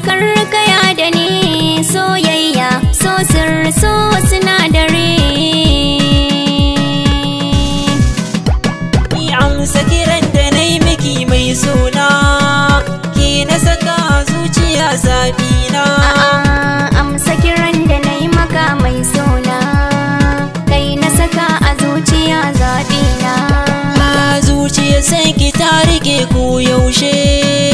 ki karkaya da ni soyayya so sirri so sinadari Ni kiran da na yi miki mai suna na saka zuciya zaɓina Amsa kiran da na yi maka mai suna Kai na saka a zuciya zaɓina Zuciya sai ki ta rike ko yaushe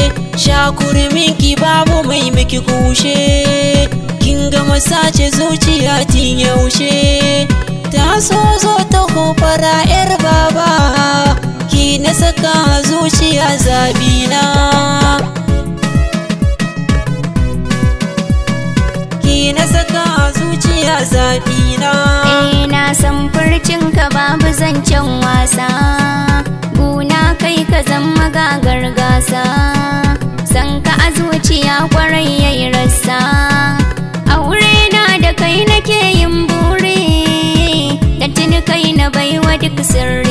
sha kurmin ki babu mai miki kushe kin ga masace zuciya tin yaushe ta so zo ta kofara yar baba ki na saka zuciya na ki na saka zuciya zabi na eh, na san furcin ka babu zancen wasa guna kai ka zama gagar gasa zuciya kwarai yayi rasa aure na da kai nake yin buri da tuni kai na baiwa duk sirri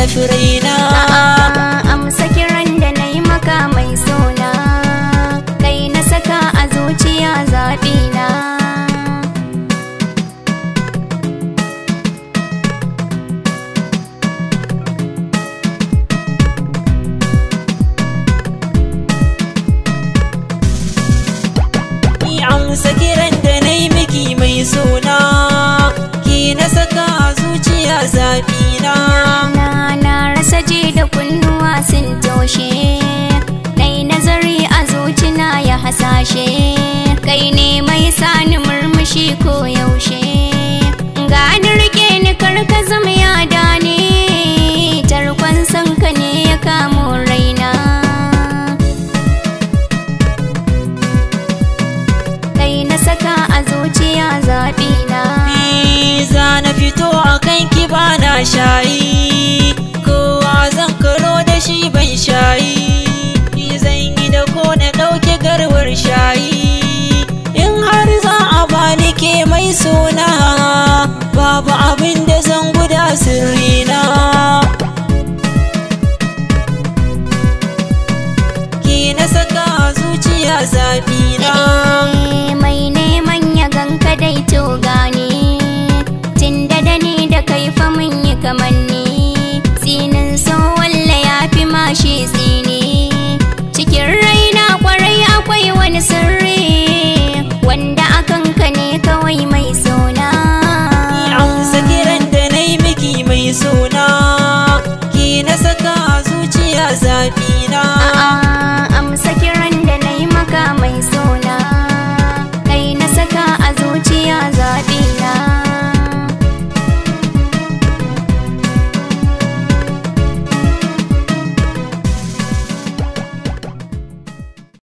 tafi raina amsa kiran da na yi maka mai sona kai na saka a zuciya zaɓina amsa kiran da na yi miki mai sona ki na saka a zuciya zaɓi achei suna babu abin da zan guda sirrina ki na saka zuciya zafi zafi na